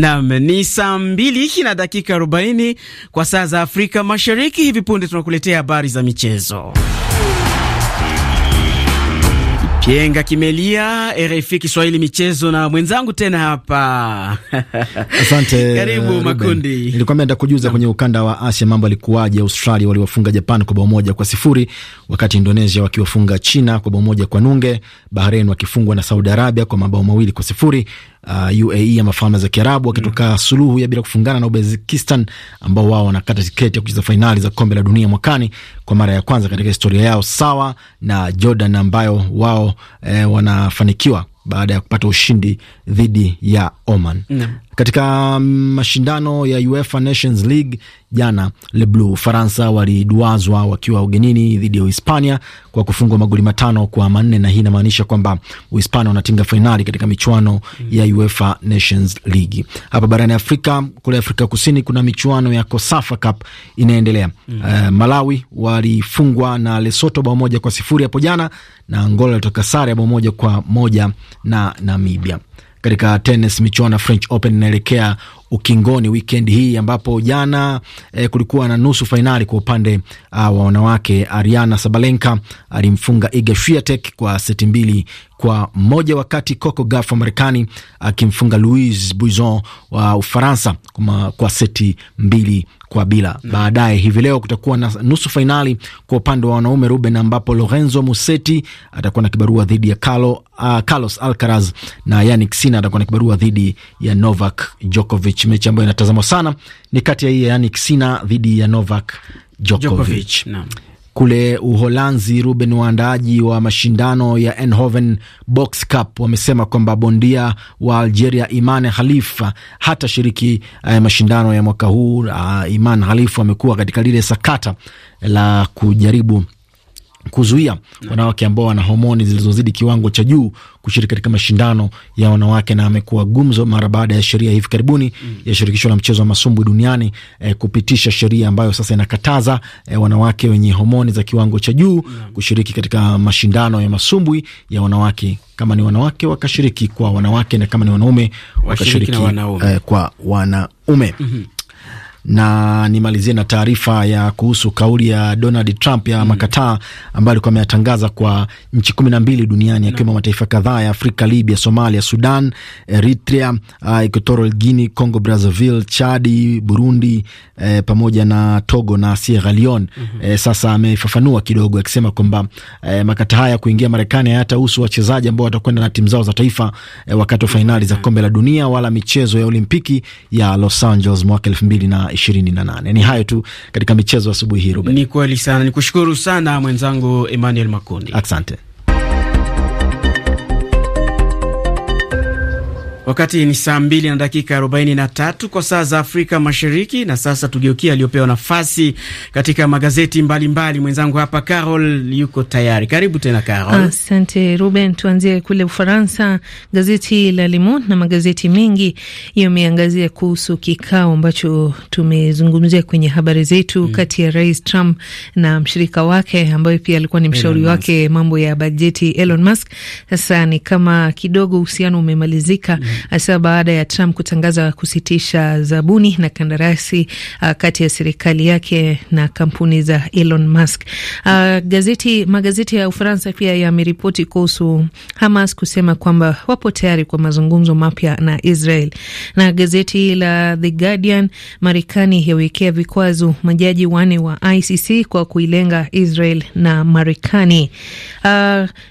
Nam ni saa mbili na dakika arobaini kwa saa za Afrika Mashariki. Hivi punde tunakuletea habari za michezo. Kienga kimelia, RFI Kiswahili michezo na mwenzangu tena hapa. Asante. Karibu makundi. Makundi. Nilikwambia kujuza kwenye ukanda wa Asia mambo alikuwaje. Australia waliwafunga Japan kwa bao moja kwa sifuri, wakati Indonesia wakiwafunga China kwa bao moja kwa nunge, Bahrain wakifungwa na Saudi Arabia kwa mabao mawili kwa sifuri, uh, UAE ama falme za Kiarabu wakitoka mm. suluhu ya bila kufungana na Uzbekistan ambao wao wanakata tiketi ya kucheza fainali za kombe la dunia mwakani kwa mara ya kwanza katika historia yao, sawa na Jordan ambayo wao eh, wanafanikiwa baada ya kupata ushindi dhidi ya Oman. Katika mashindano ya UEFA Nations League jana, Le Bleu Ufaransa waliduazwa wakiwa ugenini dhidi ya Uhispania kwa kufungwa magoli matano kwa manne, na hii inamaanisha kwamba Uhispania wanatinga fainali katika michuano mm, ya UEFA Nations League. Hapa barani Afrika, kule Afrika Kusini kuna michuano ya COSAFA Cup inaendelea. Mm. Uh, Malawi walifungwa na lesoto bao moja kwa sifuri hapo jana, na Angola walitoka sare ya bao moja kwa moja na Namibia katika tenis michuano ya French Open inaelekea ukingoni wikendi hii ambapo jana eh, kulikuwa na nusu fainali kwa upande uh, wa wanawake. Ariana Sabalenka alimfunga Iga Swiatek kwa seti mbili kwa moja, wakati Coco Gauff wa Marekani akimfunga Louise Buisson wa Ufaransa kuma, kwa seti mbili kwa bila. Mm. Baadaye hivi leo kutakuwa na nusu fainali kwa upande wa wanaume Ruben, ambapo Lorenzo Musetti atakuwa na kibarua dhidi ya Carlo, uh, Carlos Alcaraz na Yannick Sinner atakuwa na kibarua dhidi ya Novak Djokovic mechi ambayo inatazamwa sana ni kati ya hii yani Kisina dhidi ya Novak Djokovic. Kule Uholanzi, Ruben, waandaaji wa mashindano ya Eindhoven Box Cup wamesema kwamba bondia wa Algeria Iman Khalifa hatashiriki eh, mashindano ya mwaka huu. Uh, Iman Khalifa amekuwa katika lile sakata la kujaribu kuzuia wanawake ambao wana homoni zilizozidi kiwango cha juu kushiriki katika mashindano ya wanawake, na amekuwa gumzo mara baada ya sheria hivi karibuni mm. ya shirikisho la mchezo wa masumbwi duniani eh, kupitisha sheria ambayo sasa inakataza eh, wanawake wenye homoni za kiwango cha juu mm. kushiriki katika mashindano ya masumbwi ya wanawake kama ni wanawake wakashiriki kwa wanawake na kama ni wanaume wakashiriki wanaume. Eh, kwa wanaume mm -hmm na nimalizie na taarifa ya kuhusu kauli ya Donald Trump ya mm, makataa ambayo alikuwa ameyatangaza kwa nchi kumi na mbili duniani akiwemo no, mm. mataifa kadhaa ya Afrika, Libya, Somalia, Sudan, Eritrea, uh, Equatorial Guinea, Congo Brazzaville, Chadi, Burundi eh, pamoja na Togo na Sierra Leone. mm -hmm. Eh, sasa amefafanua kidogo akisema kwamba eh, makataa haya kuingia Marekani hayatahusu wachezaji ambao watakwenda na timu zao za taifa eh, wakati wa mm-hmm. fainali za kombe la dunia wala michezo ya Olimpiki ya Los Angeles mwaka elfu mbili na ishirini na nane. Ni hayo tu katika michezo asubuhi hii. Ruben, ni kweli sana, ni kushukuru sana mwenzangu Emmanuel Makundi, asante. Wakati ni saa mbili na dakika 43 kwa saa za Afrika Mashariki. Na sasa tugeukia aliyopewa nafasi katika magazeti mbalimbali mbali. Mwenzangu hapa Carol yuko tayari, karibu tena Carol. Asante Ruben, tuanzie kule Ufaransa. Gazeti la Le Monde na magazeti mengi yameangazia kuhusu kikao ambacho tumezungumzia kwenye habari zetu mm, kati ya Rais Trump na mshirika wake ambaye pia alikuwa ni mshauri wake mambo ya bajeti Elon Musk. Sasa ni kama kidogo uhusiano umemalizika mm asema baada ya Trump kutangaza kusitisha zabuni na kandarasi uh, kati ya serikali yake na kampuni za Elon Musk. Uh, gazeti magazeti ya Ufaransa pia yameripoti kuhusu Hamas kusema kwamba wapo tayari kwa mazungumzo mapya na Israel. Na gazeti la The Guardian, Marekani yawekea vikwazo majaji wane wa ICC kwa kuilenga Israel na Marekani. Uh,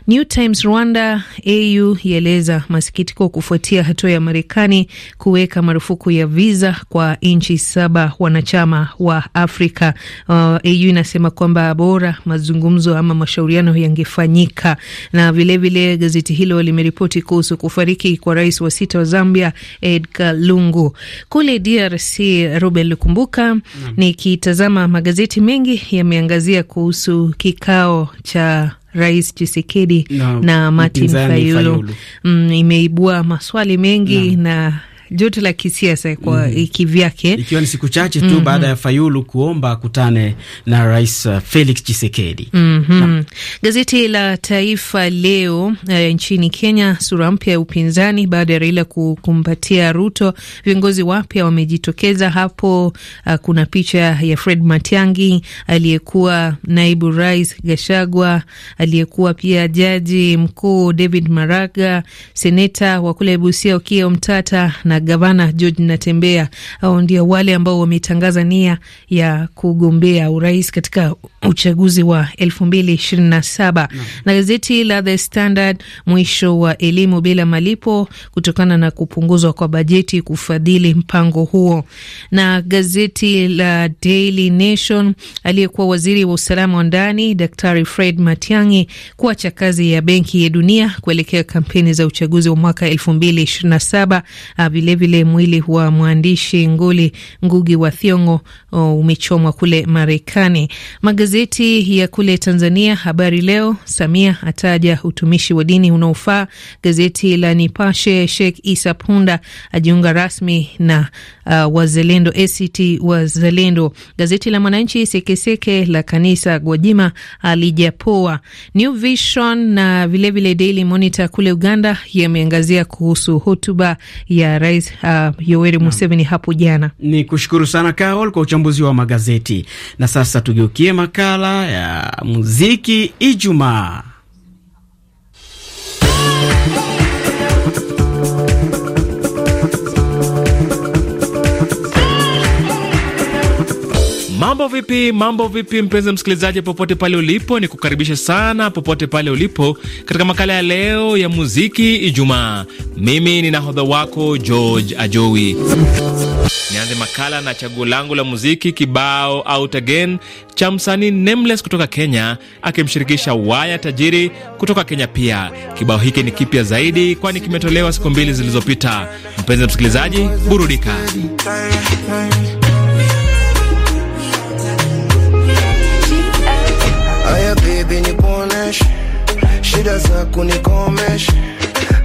New Times Rwanda au yaeleza masikitiko kufuatia hatua ya Marekani kuweka marufuku ya viza kwa nchi saba wanachama wa Afrika. Uh, AU inasema kwamba bora mazungumzo ama mashauriano yangefanyika. Na vilevile vile gazeti hilo limeripoti kuhusu kufariki kwa rais wa sita wa Zambia Edgar Lungu. Kule DRC, Ruben Lukumbuka, mm. nikitazama magazeti mengi yameangazia kuhusu kikao cha Rais Chisekedi na, na Martin Fayulu, mm, imeibua maswali mengi na, na joto la kisiasa kwa mm, kivyake, ikiwa ni siku chache tu mm -hmm. baada ya Fayulu kuomba akutane na Rais uh, Felix Tshisekedi mm -hmm. Gazeti la Taifa Leo uh, nchini Kenya, sura mpya ya upinzani baada ya Raila kukumbatia Ruto. Viongozi wapya wamejitokeza hapo. Uh, kuna picha ya Fred Matiangi aliyekuwa naibu rais Gashagwa, aliyekuwa pia jaji mkuu David Maraga, seneta wa kule Busia Okiya Omtata na gavana George Natembea au ndio wale ambao wametangaza nia ya kugombea urais katika uchaguzi wa elfu mbili ishirini na saba Na gazeti la The Standard, mwisho wa elimu bila malipo kutokana na kupunguzwa kwa bajeti kufadhili mpango huo. Na gazeti la Daily Nation, aliyekuwa waziri wa usalama wa ndani Daktari Fred Matiang'i kuacha kazi ya Benki ya Dunia kuelekea kampeni za uchaguzi wa mwaka elfu mbili ishirini na saba ah, vile vilevile mwili wa mwandishi nguli Ngugi wa Thiong'o umechomwa kule Marekani. Magazeti ya kule Tanzania, Habari Leo, Samia ataja utumishi wa dini unaofaa. Gazeti la Nipashe, Sheikh Isa Punda ajiunga rasmi na uh, Wazalendo, ACT Wazalendo. Gazeti la Mwananchi, sekeseke la kanisa Gwajima alijapoa. New Vision na vilevile Daily Monitor kule Uganda yameangazia kuhusu hotuba ya rais Rais uh, Yoweri Museveni hapo jana. Ni kushukuru sana Carol kwa uchambuzi wa magazeti, na sasa tugeukie makala ya muziki Ijumaa. Mambo vipi, mambo vipi mpenzi msikilizaji, popote pale ulipo, ni kukaribisha sana popote pale ulipo katika makala ya leo ya muziki Ijumaa. Mimi ni nahodha wako George Ajowi. Nianze makala na chaguo langu la muziki kibao Out Again cha msanii Nameless kutoka Kenya akimshirikisha Waya Tajiri kutoka Kenya pia. Kibao hiki ni kipya zaidi, kwani kimetolewa siku mbili zilizopita. Mpenzi msikilizaji, burudika. She fresh. Shida zako nikomeshe.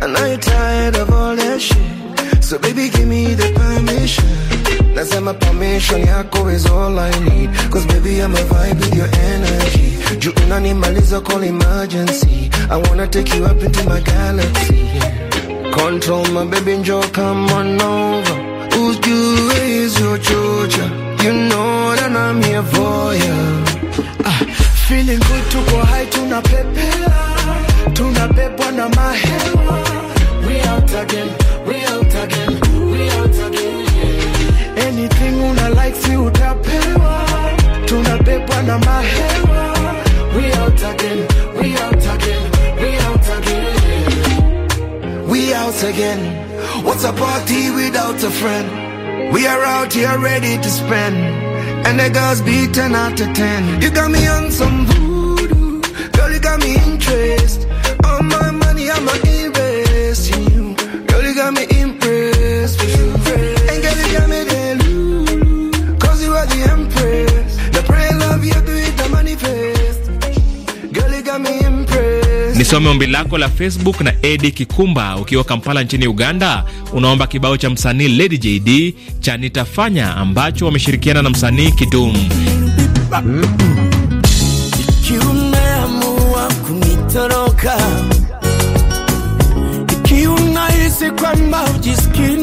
And now you're tired of all that shit. So baby, give me the permission. my permission yako is all I need. Cause baby, I'm a vibe with your energy. You Juu unanimaliza call emergency. I wanna take you up into my galaxy. Control my baby, Joe, come on now. tunapepea, tunabebwa na mahewa. We out again, we out again, we out again. Anything una like si utapewa, tunabebwa na mahewa. We out again, we out again, we out again. We out again. What's a party without a friend? We are out here ready to spend. And the girls be 10 out of 10. You got me on some Nisome ombi lako la Facebook na Edi Kikumba ukiwa Kampala nchini Uganda. Unaomba kibao cha msanii Lady JD cha nitafanya ambacho wameshirikiana na msanii Kidum. Ikiwa unahisi kwamba ujisikii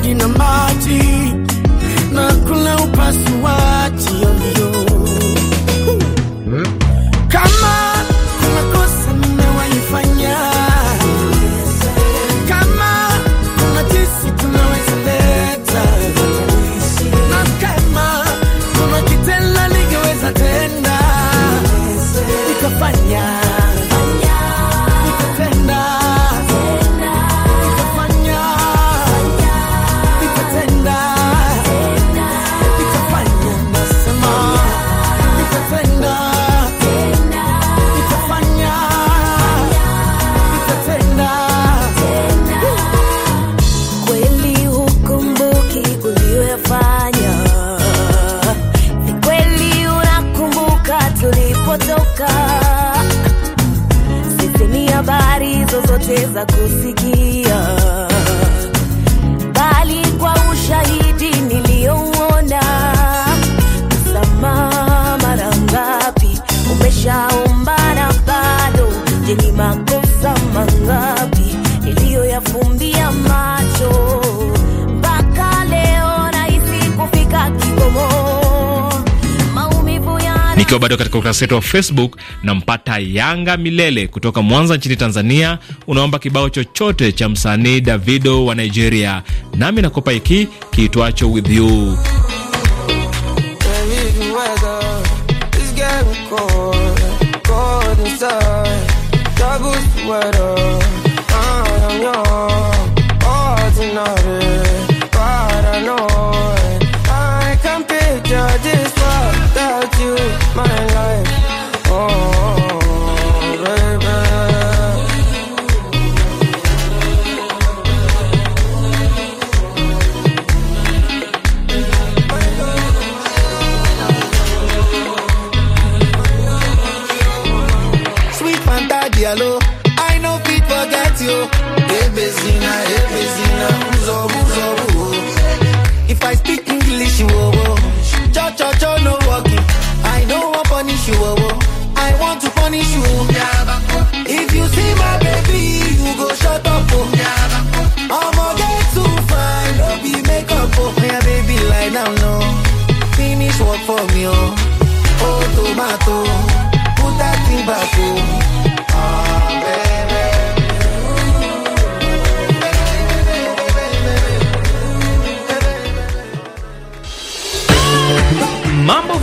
rangi na maji na kula upasuaji Tukiwa bado katika ukurasa wetu wa Facebook, nampata Yanga Milele kutoka Mwanza nchini Tanzania. Unaomba kibao chochote cha msanii Davido wa Nigeria, nami nakopa hiki kiitwacho with you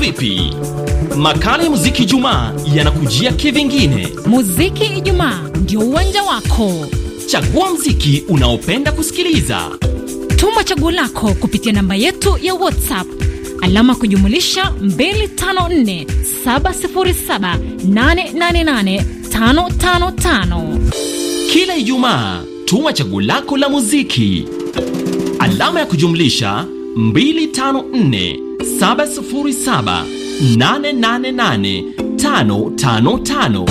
vipi? Makala ya muziki Ijumaa yanakujia kivingine. Muziki Ijumaa ndio uwanja wako. Chagua mziki unaopenda kusikiliza, tuma chaguo lako kupitia namba yetu ya WhatsApp alama kujumulisha 25477888555 Kila Ijumaa tuma chaguo lako la muziki alama ya kujumlisha 254 888 555.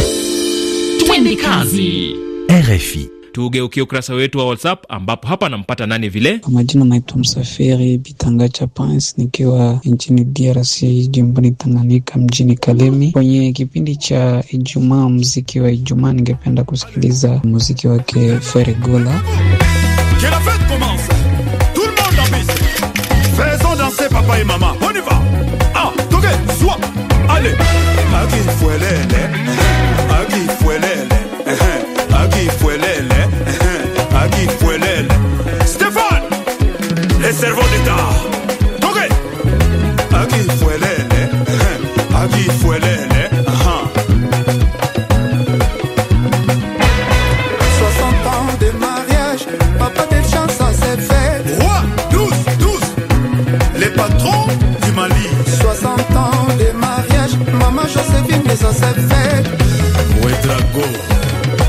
Twende kazi. RFI. Tugeukie ukurasa wetu wa WhatsApp ambapo hapa anampata nani vile. Kwa majina naitwa Msafiri Bitanga Pans, nikiwa nchini DRC jimboni Tanganyika, mjini Kalemi. Kwenye kipindi cha Ijumaa, muziki wa Ijumaa, ningependa kusikiliza muziki wake Feregola. Faisons danser papa et Allez, ma vie, fouet,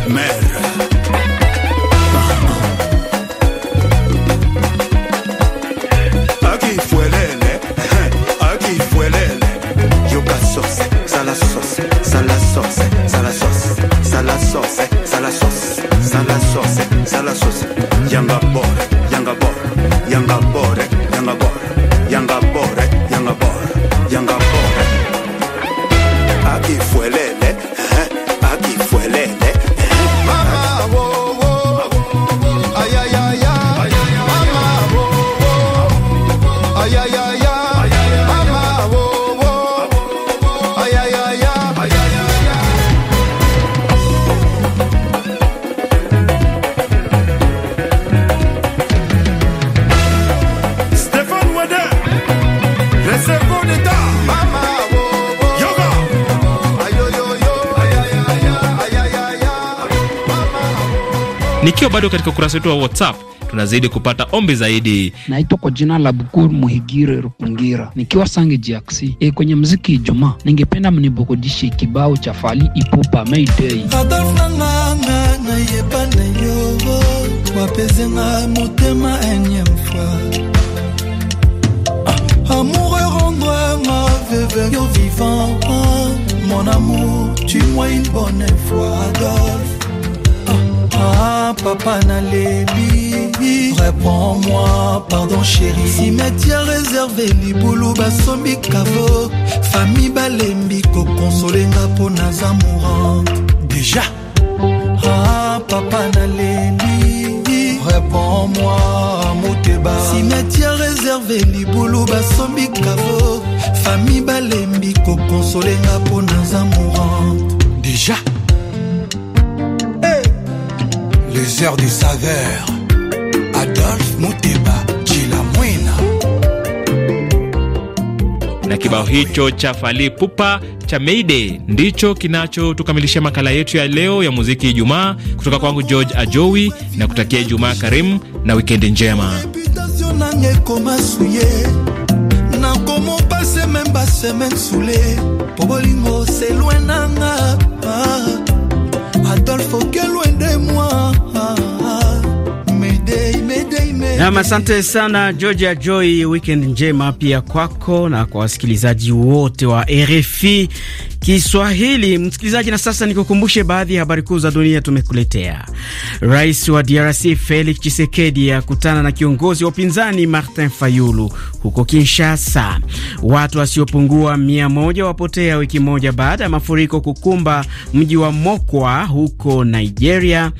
Man. Ikiwa bado katika ukurasa wetu wa WhatsApp tunazidi kupata ombi zaidi. Naitwa kwa jina la Bukuru Muhigire Rukungira, nikiwa Sange GX. E, eh, kwenye mziki Ijumaa ningependa mnibokodishe kibao cha fali Ipupa Mayday papa réponds-moi, pardon chérie. Cimetière réservé, bouleaux Basombi, Kavo, famille Balembi, na mpo naza mourante. Déjà, ah, papa na réponds-moi, ma Cimetière réservé, boulou Basombi, Kavo, famille Balembi, na mpo naza mourante. Déjà, faiseur des saveurs, Adolphe Muteba Kila Na kibao hicho cha Fali Pupa cha Mayday ndicho kinachotukamilishia makala yetu ya leo ya muziki Ijumaa, kutoka kwangu George Ajowi na kutakia Ijumaa karimu na wikendi njema. pobolingo, Nam, asante sana Georgia Joy, weekend njema pia kwako na kwa wasikilizaji wote wa RFI. Kiswahili. Msikilizaji, na sasa nikukumbushe baadhi ya habari kuu za dunia tumekuletea. Rais wa DRC Felix Tshisekedi akutana na kiongozi wa upinzani Martin Fayulu huko Kinshasa. Watu wasiopungua mia moja wapotea wiki moja baada ya mafuriko kukumba mji wa Mokwa huko Nigeria.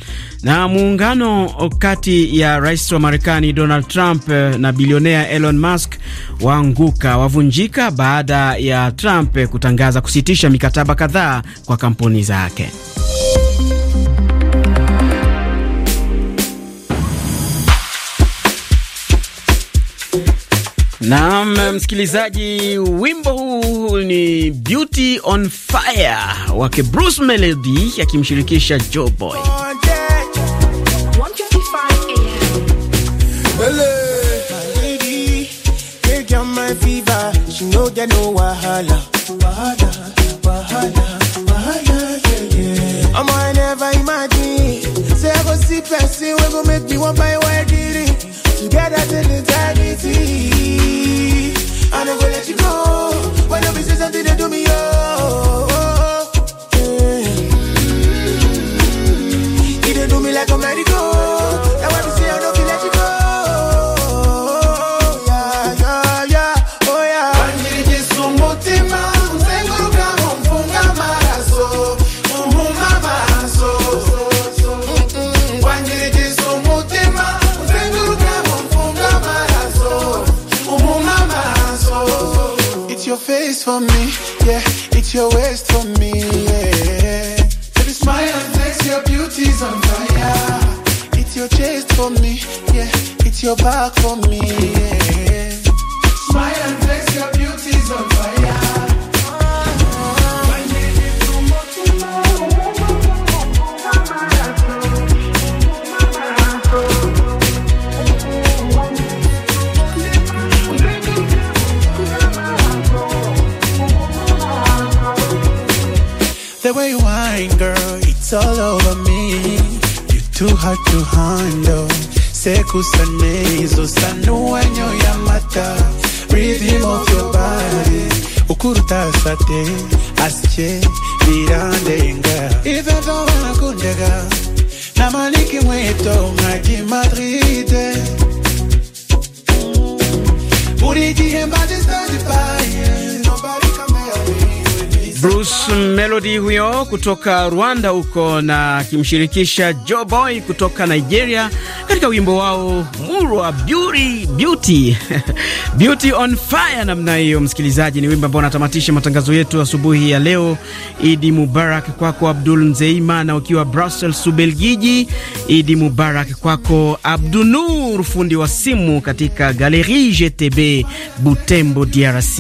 Na muungano kati ya rais wa Marekani Donald Trump na bilionea Elon Musk waanguka, wavunjika baada ya Trump kutangaza kusitisha mikataba kadhaa kwa kampuni zake. Naam, msikilizaji, wimbo huu ni Beauty on Fire wake Bruce Melody akimshirikisha Joe Boy. i might never imagine. Say I go see person, we go make me one by one. waist for me, yeah. It's your waist for me, yeah. Baby, smile and flex, your beauty's on fire. It's your chest for me, yeah. It's your back for me, yeah. wine, girl, it's all over me. You're too hard to handle. Sekusane hizo sanua ya yamata. rhythm of your body. Ukuruta sate, asche, virandenga. Even though I'm nakundega, namaliki mweto Madrid. Madride. Buri jihemba fire. Bruce Melody huyo kutoka Rwanda huko na akimshirikisha Joe Boy kutoka Nigeria katika wimbo wao Murwa Beauty Beauty Beauty on Fire. Namna hiyo, msikilizaji, ni wimbo ambao unatamatisha matangazo yetu asubuhi ya leo. Idi Mubarak kwako Abdul Nzeima, na ukiwa Brussels Ubelgiji, Idi Mubarak kwako Abdunur, fundi wa simu katika Galerie GTB Butembo DRC.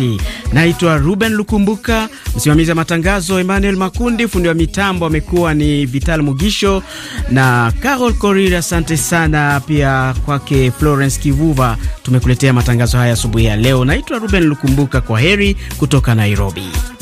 Naitwa Ruben Lukumbuka msimamizi Msimamizi wa matangazo Emmanuel Makundi, fundi wa mitambo amekuwa ni Vital Mugisho na Carol Korir. Asante sana pia kwake Florence Kivuva. Tumekuletea matangazo haya asubuhi ya leo. Naitwa Ruben Lukumbuka, kwa heri kutoka Nairobi.